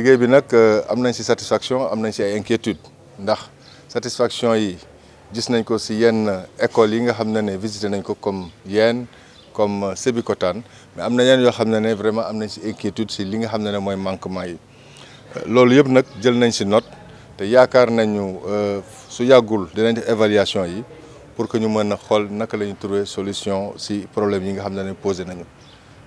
liggéey bi nag euh, am nañ ci satisfaction am nañ ci ay inquiétude ndax satisfaction yi gis nañ ko ci yenn école yi nga xamné né ne visité nañ ko comme Yène comme euh, Sébikotane mais am na yenn yoo xam ne vraiment am nañ ci inquiétude ci li nga xamné né moy manquement yi euh, loolu yëpp nak jël nañ ci note té yaakar nañu su yàggul dinañ def évaluation yi pour que ñu mëna xol naka lañu trouver solution ci problème yi nga xamné né ne posé nañu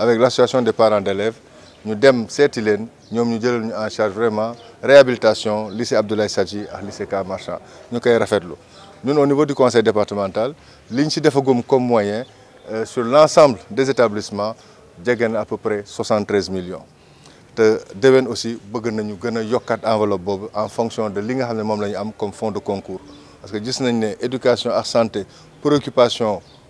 avec l'association des parents d'élèves nous avons cette Nous avons en charge vraiment réhabilitation lycée Abdoulaye Sadji à lycée K. Marchand avons fait ça. Nous au niveau du conseil départemental nous avons fait comme moyen euh, sur l'ensemble des établissements jege à peu près 73 millions Nous avons aussi fait nañu gën enveloppes en fonction de ce que nous avons comme fonds de concours parce que gis nañ la éducation santé préoccupation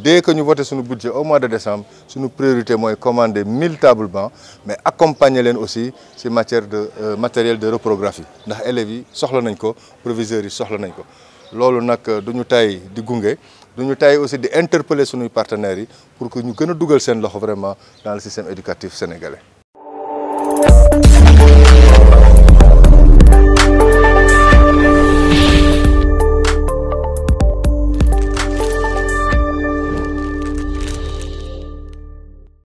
Dès que nous votons sur le budget au mois de décembre, notre priorité de commander 1000 tables bancs, mais accompagner les aussi ces matières de euh, matériel de reprographie. Nous les élèves ont les proviseurs nous Nous euh, tay di aussi di interpeller partenaires pour que nous puissions duggal sen vraiment dans le système éducatif sénégalais